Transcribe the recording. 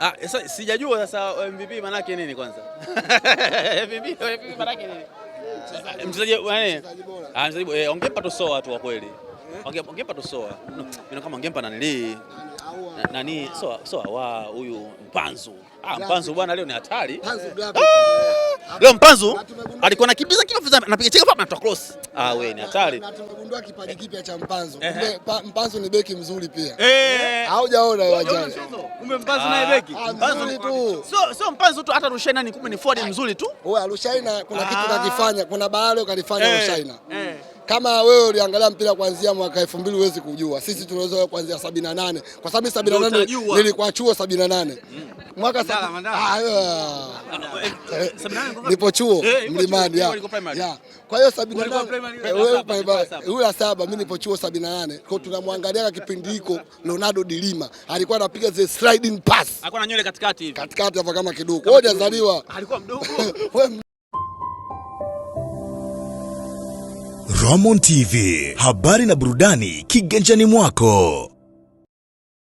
Ah, so, sijajua sasa MVP maana yake nini kwanza? MVP MVP maana yake nini? Eh, mchezaji bora. Ah, mchezaji bora. Eh, ongempa tu soa tu kwa kweli. Ongempa tu soa. Mimi kama ongempa nani nani soa soa wa huyu Mpanzu. Ah, Mpanzu bwana leo ni hatari. Mpanzu Leo Mpanzu alikuwa anakimbiza kila fedha anapiga cheka pap anatoa cross. Ah, wewe ni hatari. Na tumegundua kipaji kipya cha Mpanzu. Kumbe Mpanzu ni beki mzuri pia. Eh. Haujaona wewe wajana. Kumbe Mpanzu naye ah, beki. Ah, Mpanzu ni tu. Sio sio Mpanzu tu hata Rushaina ni kumbe ni forward ah. mzuri tu. Wewe Rushaina kuna kitu kakifanya, kuna baadhi kalifanya eh. Rushaina. Eh. Kama wewe uliangalia mpira kuanzia mwaka 2000 huwezi kujua. Sisi tunaweza kuanzia 78 kwa sababu 78 nilikuwa chuo 78. Mm. Mwaka nipo chuo Mlimani. Kwa hiyo 78 wewe primary, huyu saba, mimi nipo chuo 78. Kwa tunamwangalia kipindi hiko Leonardo Dilima alikuwa anapiga the sliding pass. Alikuwa na nywele katikati hivi. Katikati hapa kama kiduku. Wewe hujazaliwa. Alikuwa mdogo. Roman TV, habari na burudani kiganjani mwako.